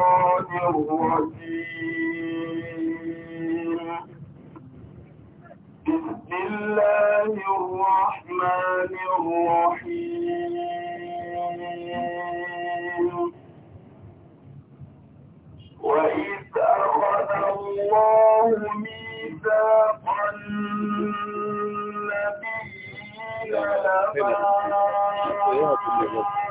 الشيطان الرجيم بسم الله الرحمن الرحيم وإذ أخذ الله ميثاق النبيين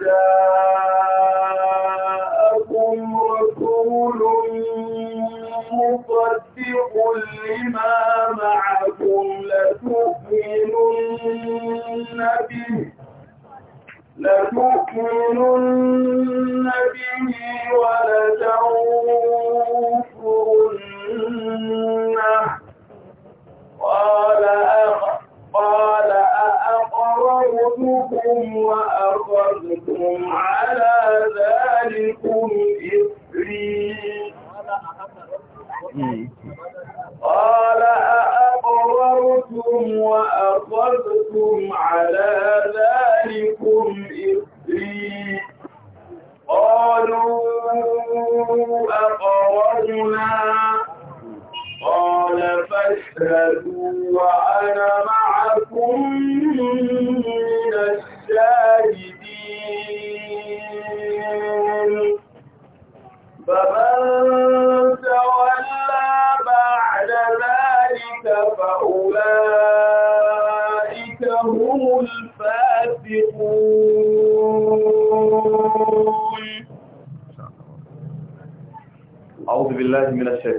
جاءكم رسول مصدق لما معكم لتؤمنن به لتؤمنن به ولتنصرنه قال موتكم وأخذتم على ذلكم إثري قال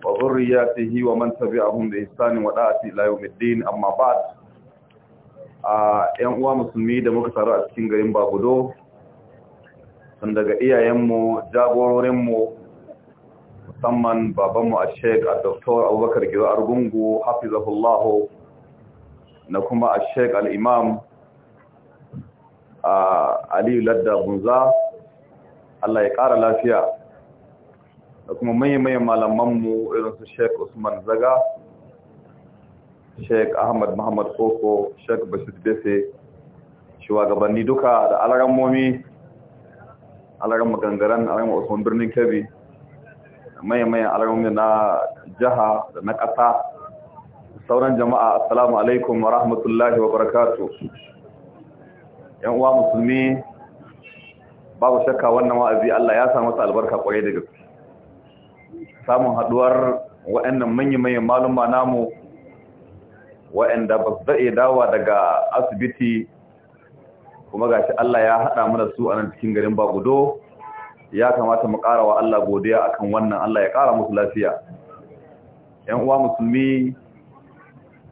bi ومن wa da'ati ila yawmid din amma ba'd a ‘yan uwa musulmi da muka taru a cikin garin Bagudo san daga iyayenmu jagororinmu musamman babanmu a Sheikh a abubakar giro argungu hafizahullah na kuma a imam al'imam aliyu ladda bunza Allah ya ƙara lafiya da kuma manyan malamanmu irin su sheik usman zaga sheik ahmad muhammad koko sheik bashir dese shugabanni duka da alaran momi alaran magangaren alaran usman birnin kebbi manyan alaran na jiha da na ƙasa sauran jama'a assalamu alaikum wa rahmatullahi wa barakatu yan uwa musulmi babu shakka wannan wa'azi Allah ya sa masa albarka kwarai da gaske samun haduwar manya manyan maluma namu waanda ba su daɗe dawa daga asibiti kuma gashi Allah ya haɗa mana su a nan cikin garin Bagudo ya kamata mu ƙara wa Allah godiya akan wannan Allah ya ƙara musu lafiya ƴan uwa musulmi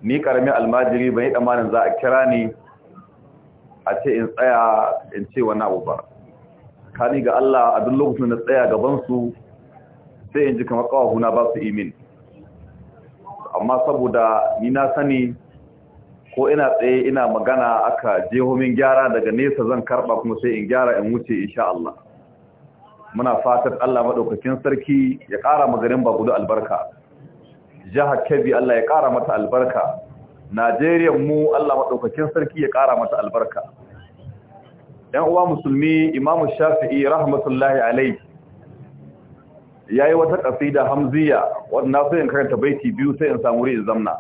ni ƙaramin almajiri ba yi tsammanin za a kira ni a ce in tsaya in ce wani abu ba kani ga Allah a duk lokacin da tsaya gabansu. sai in ji kamar ƙawahuna ba su imin amma saboda ni na sani ko ina tsaye ina magana aka jehomin gyara daga nesa zan karɓa kuma sai in gyara in wuce insha Allah muna fatar Allah maɗaukakin sarki ya ƙara magarin gudu albarka jihar kebbi Allah ya ƙara mata albarka Najeriya mu Allah maɗaukakin sarki ya ƙara mata albarka ‘yan uwa musulmi imamu shafi'i rahmatullahi alaihi ya yi wata ƙasida hamziya wadda sai in karanta baiti biyu sai in samu rin zamna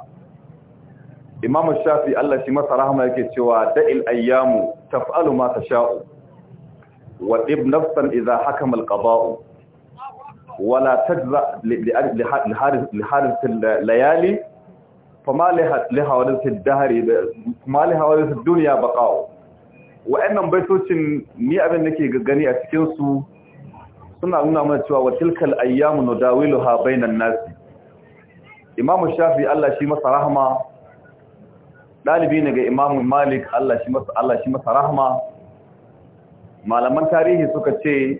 imamu shafi Allah shi masa rahama yake cewa da'il ayyamu taf'alu ma sha'u wa Waɗib nafsan iza haka al wala ta li harith layali kuma duniya wa'annan baitocin ni abin da nake gani a cikinsu. suna nuna mana cewa wa tilkal ayyamu nudawiluha bainan nas Imam Shafi Allah shi masa rahma dalibi ne ga Imam Malik Allah shi masa Allah shi masa rahma malaman tarihi suka ce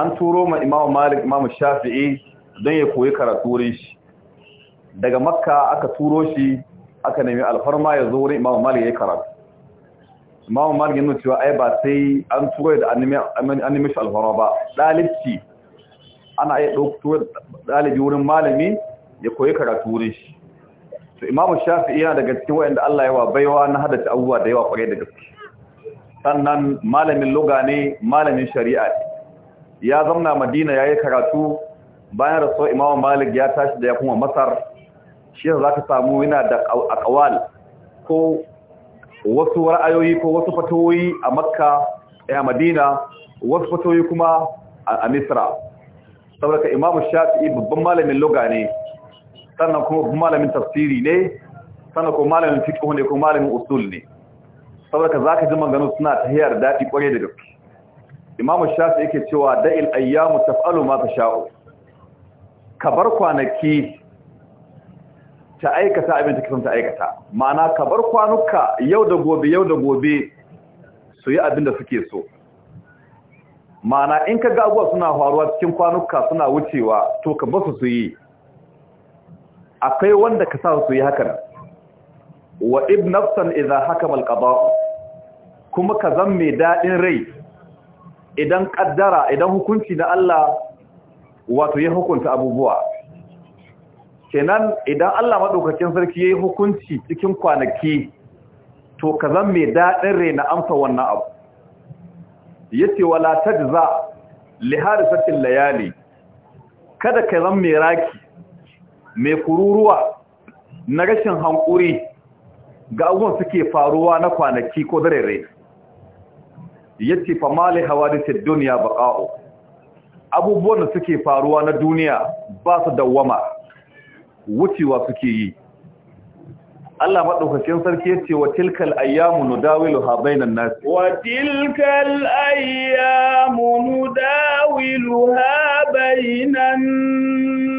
an turo ma Imam Malik Imam Shafi'i don ya koyi karatu wurin shi daga Makka aka turo shi aka nemi alfarma ya zo wurin Imam Malik ya karatu imamu malik yana cewa ai ba sai an turo da anime alfara ba dalibci ana iya da dalibi wurin malami ya koyi karatu wurin shi to imamu shafi'i yana daga cikin wa'anda Allah ya wa baiwa na hadace abubuwa da yawa kwarai da gaske sannan malamin loga ne malamin shari'a ne ya zamna madina ya yi karatu bayan rasuwar imamu malik ya tashi da ya kuma masar shi za ka samu yana da akawal ko wasu ra'ayoyi ko wasu fatoyi a makka eh, a madina wasu fatoyi kuma a misra saboda imamu shafi'i babban malamin loga ne sannan kuma babban malamin tafsiri ne sannan kuma malamin fiqh ne kuma malamin usul ne saboda zaka ji maganganu suna tahiyar dadi kware da gaske imamu shafi'i yake cewa da'il ayyamu taf'alu ma tasha'u kabar kwanaki ta aikata abin da ta aikata ma'ana ka bar kwanuka yau da gobe yau da gobe su yi abin da suke so ma'ana in ka ga abuwa suna faruwa cikin kwanuka suna wucewa to ka ba su yi akwai wanda ka sa su yi hakan wa ibnafsan idza hakama alqada kuma ka zan mai daɗin rai idan kaddara idan hukunci na Allah wato ya hukunta abubuwa kenan idan Allah maɗaukacin sarki ya yi hukunci cikin kwanaki to ka zan mai daɗin rai na amsa wannan abu Ya wa wala za li harisatil layali kada ka zan mai raki mai kururuwa na rashin hankuri ga abubuwan suke faruwa na kwanaki ko dare ce fa mali duniya ba ƙa'o abubuwan da suke faruwa na duniya ba su dawwama wucewa suke yi Allah madaukakin sarki yace wa tilkal ayyamu nudawilu ha bainan nas wa tilkal ayyamu nudawilu ha bainan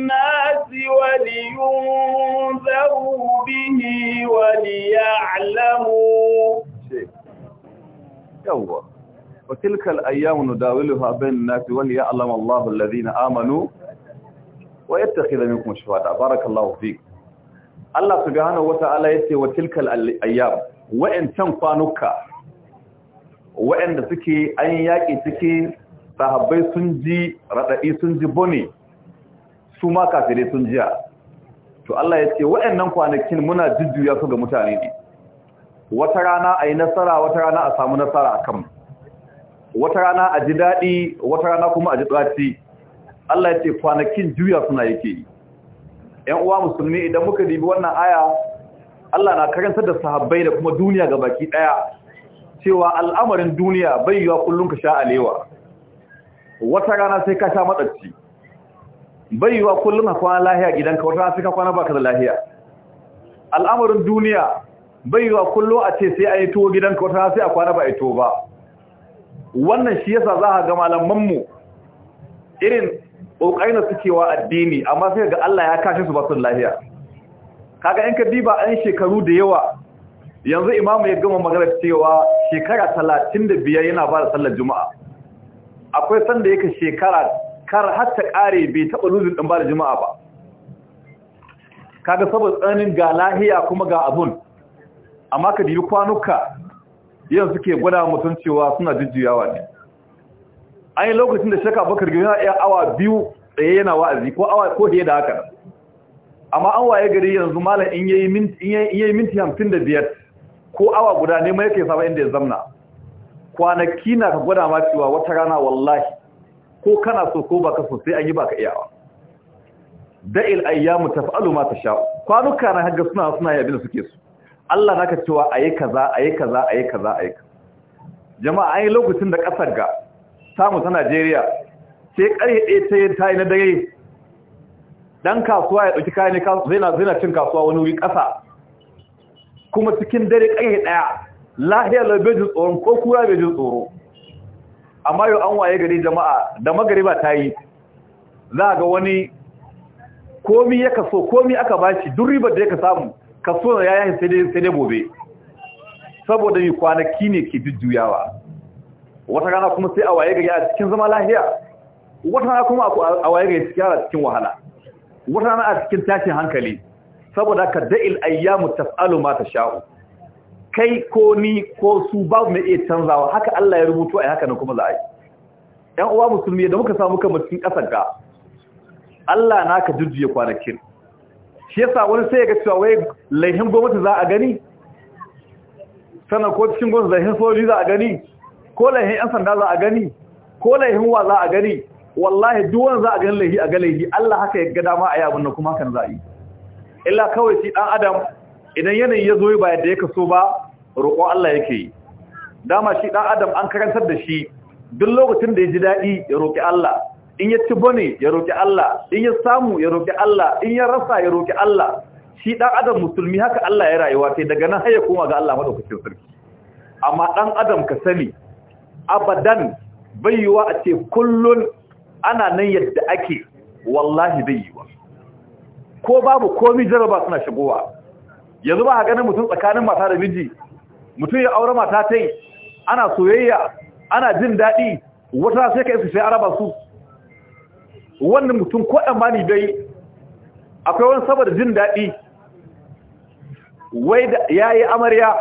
nas wa liyunzaru bihi wa liya'lamu yawwa wa tilkal ayyamu nudawilu ha bainan nas wa liya'lamu Allahu alladhina amanu wa yattakhidha minkum shuhada barakallahu fiik Allah subhanahu wata'ala yace wa tilkal ayyam wa'antan kwanuka wa'anda suke an yaki suke sahabbai sun ji radadi sun ji bone su ma kafirai sun jiya to Allah yace wa'annan kwanakin muna jujjuya su ga mutane ne wata rana ayi nasara wata rana a samu nasara akan wata rana a ji dadi wata rana kuma a ji tsaci Allah ya ce kwanakin juya suna yake yi ‘yan uwa musulmi idan muka dibi wannan aya Allah na karantar da sahabbai da kuma duniya ga baki ɗaya cewa al'amarin duniya bai yiwa kullum ka sha alewa wata rana sai ka sha matsarci, bai yiwa kullum ka kwana lahiya gidanka wata rana sai ka kwana baka da lahiya al'amarin duniya bai yiwa kullum a ce sai a yi tuwo gidanka wata rana sai a kwana ba a yi tuwo ba wannan shi yasa za a ga malamanmu irin kokarin suke wa addini amma sai ga Allah ya kashe su ba sun lafiya kaga in ka diba an shekaru da yawa yanzu imamu ya gama magana cewa shekara da biyar yana ba da sallar juma'a akwai sanda yake shekara kar har ta kare bai taɓa lulun ɗin ba da juma'a ba kaga saboda tsananin ga lahiya kuma ga abun amma ka kwanuka yanzu ke gwada mutum cewa suna jujjuyawa ne an yi lokacin da shaka bakar gari na iya awa biyu tsaye yana wa'azi ko awa ko fiye da haka amma an waye gari yanzu malam in yayi minti in da minti 55 ko awa guda ne mai yake saba inda ya zamna kwanaki na ka gwada ma cewa wata rana wallahi ko kana so ko baka so sai an yi baka iyawa da'il ayyamu taf'alu ma tasha kwanuka na hagga suna suna yabin suke su Allah naka cewa ayi kaza ayi kaza ayi kaza ayi kaza jama'a ai lokacin da kasar ga samu ta Najeriya sai ƙarfe ɗaya ta yi na dare Ɗan kasuwa ya ɗauki kayan zai na cin kasuwa wani wuri ƙasa kuma cikin dare ƙarfe ɗaya lahiyar labejin tsoron ko kura bejin tsoro amma yau an waye gari jama'a da magariba ta yi za ga wani komi ya kaso komi aka bashi duk ribar da ya ka samu kaso na yayin sai dai gobe saboda mai kwanaki ne ke jujjuyawa wata rana kuma sai a waye gari a cikin zama lahiya wata rana kuma a waye gari cikin yara cikin wahala wata rana a cikin tashin hankali saboda ka da'il ayyamu tas'alu ma sha'u. kai ko ni ko su babu mai iya canzawa haka Allah ya rubuto a haka na kuma za a yi ƴan uwa musulmi da muka samu kamar cikin ƙasar ka Allah na ka jujjuye kwanakin shi yasa wani sai ya ga cewa wai laihin gwamnati za a gani sannan ko cikin gwamnati laihin sojoji za a gani ko laihin yan sanda za a gani ko laihin wa za a gani wallahi duwan za a gani laihi a galaihi Allah haka ya ga dama a yi abinna kuma kan za yi illa kawai shi dan adam idan yanayi ya zo ba yadda ya kaso ba roƙo Allah yake yi dama shi dan adam an karantar da shi duk lokacin da ya ji daɗi ya roƙi Allah in ya ci bane ya roƙi Allah in ya samu ya roƙi Allah in ya rasa ya roƙi Allah shi dan adam musulmi haka Allah ya rayuwa sai daga nan har ya koma ga Allah madaukakin sarki amma ɗan adam ka sani abadan bai yiwa a ce kullun ana nan yadda ake wallahi bai yiwa ko babu komi jaraba suna shigowa yanzu ba na mutum tsakanin mata da miji mutum ya aure mata ta yi ana soyayya ana jin daɗi wata sai ka isa sai araba su wannan mutum ko ɗan bai akwai wani saboda jin daɗi wai da ya yi amarya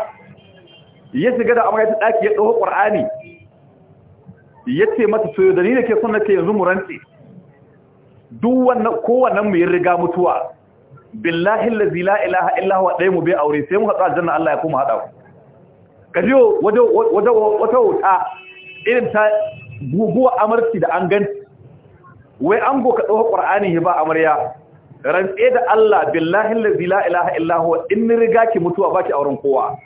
ya shiga da amarya ta ɗaki ya ɗauka ƙwar'ani yace mata to da ni nake son ke yanzu mu rantsi duk wannan mu ya riga mutuwa Bin lahin la ilaha illa huwa dai mu bai aure sai mu haɗa aljanna Allah ya kuma haɗa ku kajiyo waje wata wuta irin ta guguwa amurci da an gan wai an goka ka ƙwar'ani ya ba amarya rantse da Allah billahi lahin la ilaha illa huwa in riga ki mutuwa ba ki auren kowa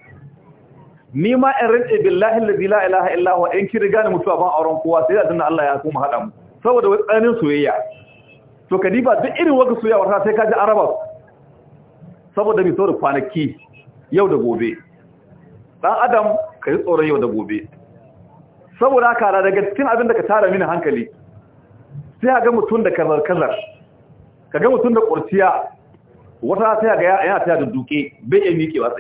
ni ma in rince billahi allazi la ilaha illa huwa in ki riga ni mutuwa ban auren kowa sai da Allah ya kuma hada mu saboda wai tsanin soyayya to kadiba duk irin waka soyayya wata sai kaji araba saboda mi saboda kwanaki yau da gobe dan adam ka yi tsoron yau da gobe saboda ka ra daga cikin abin da ka tara mini hankali sai ga mutum da kazar kazar ka ga mutum da kurciya wata sai ga yana ta da duke bai yi miƙe ba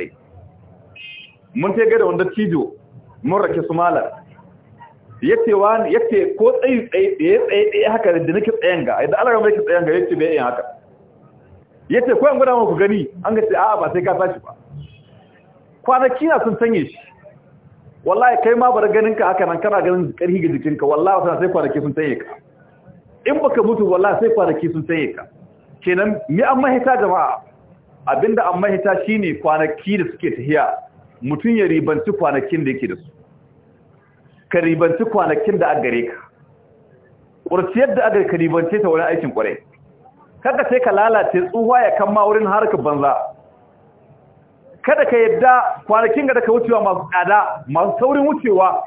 mun ta ga da wanda tijo mun rake su malar yace wa yace ko tsayi tsayi tsaye tsaye tsaye haka da nake tsayan ga idan Allah ya tsayan ga yace bai yin haka yace ko an gwada muku gani an ga sai a'a ba sai ka tashi ba kwanaki na sun sanye shi wallahi kai ma bar ganin ka haka nan kana ganin karhi ga ka wallahi wata sai kwanaki sun sanye ka in baka mutu wallahi sai kwanaki sun sanye ka kenan ni an mahita jama'a abinda an mahita shine kwanaki da suke tahiya mutum ya ribanci kwanakin da yake da su ka ribanci kwanakin da agare ka ƙurciyar yadda agare ka ribance ta wani aikin ƙwarai kada sai ka lalace tsuwa ya kama wurin harkar banza kada ka yadda kwanakin ga daga wucewa masu tsada masu saurin wucewa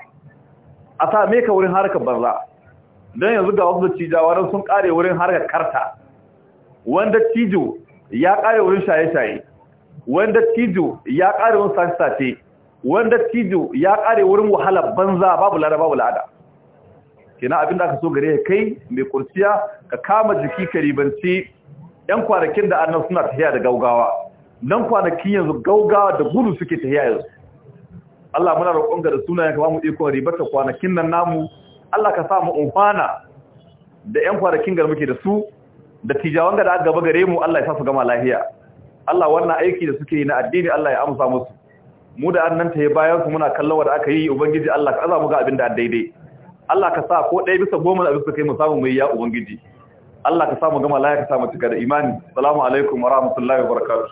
a same ka wurin harkar banza don yanzu ga wasu cijawa sun kare wurin harkar karta wanda cijo ya kare wurin shaye-shaye wanda tijo ya kare wani sace-sace wanda tijo ya ƙare wurin wahala banza babu lada babu lada abin abinda aka so gare kai mai kurciya ka kama jiki ka ribance. yan kwanakin da annan suna tafiya da gaugawa nan kwanakin yanzu gaugawa da gudu suke tafiya yanzu Allah muna roƙonka da sunayen ka ba mu iko ribata kwanakin nan namu Allah ka sa mu umfana da yan kwanakin da muke da su da tijawan da gaba gare mu Allah ya sa su gama lafiya Allah wannan aiki da suke yi na addini Allah ya amsa musu mu da annanta ta yi bayan su muna kallon da aka yi ubangiji Allah ka azamu ga abin da daidai Allah ka sa ko ɗaya bisa goma da bisa kai mu samu mai ya ubangiji Allah ka sa mu gama laya ka sa mu cika da imani assalamu alaikum wa rahmatullahi wa barakatuh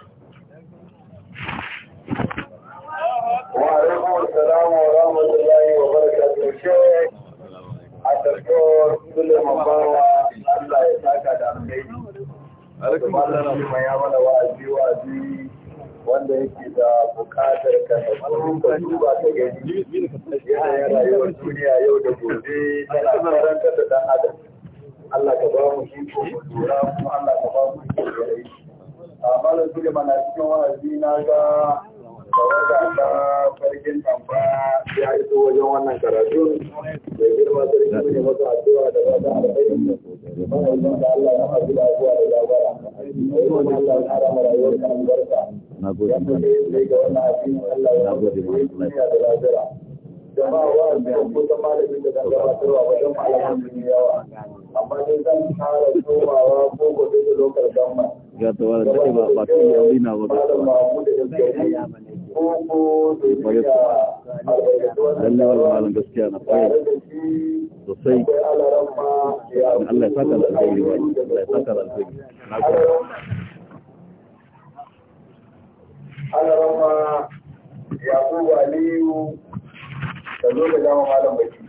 wa alaikum assalam wa rahmatullahi wa barakatuh a tarko dole mabara Allah ya saka da alheri alaikum kuma ya mana wa'azi wa'azi wanda yake da bukatar ka duba ta gani yanayin rayuwar duniya yau da gobe tana karanta da adam Allah ka ba mu shi ko lura Allah ka ba mu shi ko yayi amma da cikin wa'azi na ga tawaga ta farkin kamfa ya iso wajen wannan da girma sarki ne addu'a da ba ta da Allah ya haɗu da zuwa da Allah ya rayuwar na gode Allah ya gode ma da lafiya jama'a wa da malamin da gabatarwa wajen malaman yawa amma dai zan fara ko gobe da lokacin ba ba ba kwaye malam gaskiya na kwaye sosai Allah ya saka alfahari wani Allah ya saka alfahari na da zo da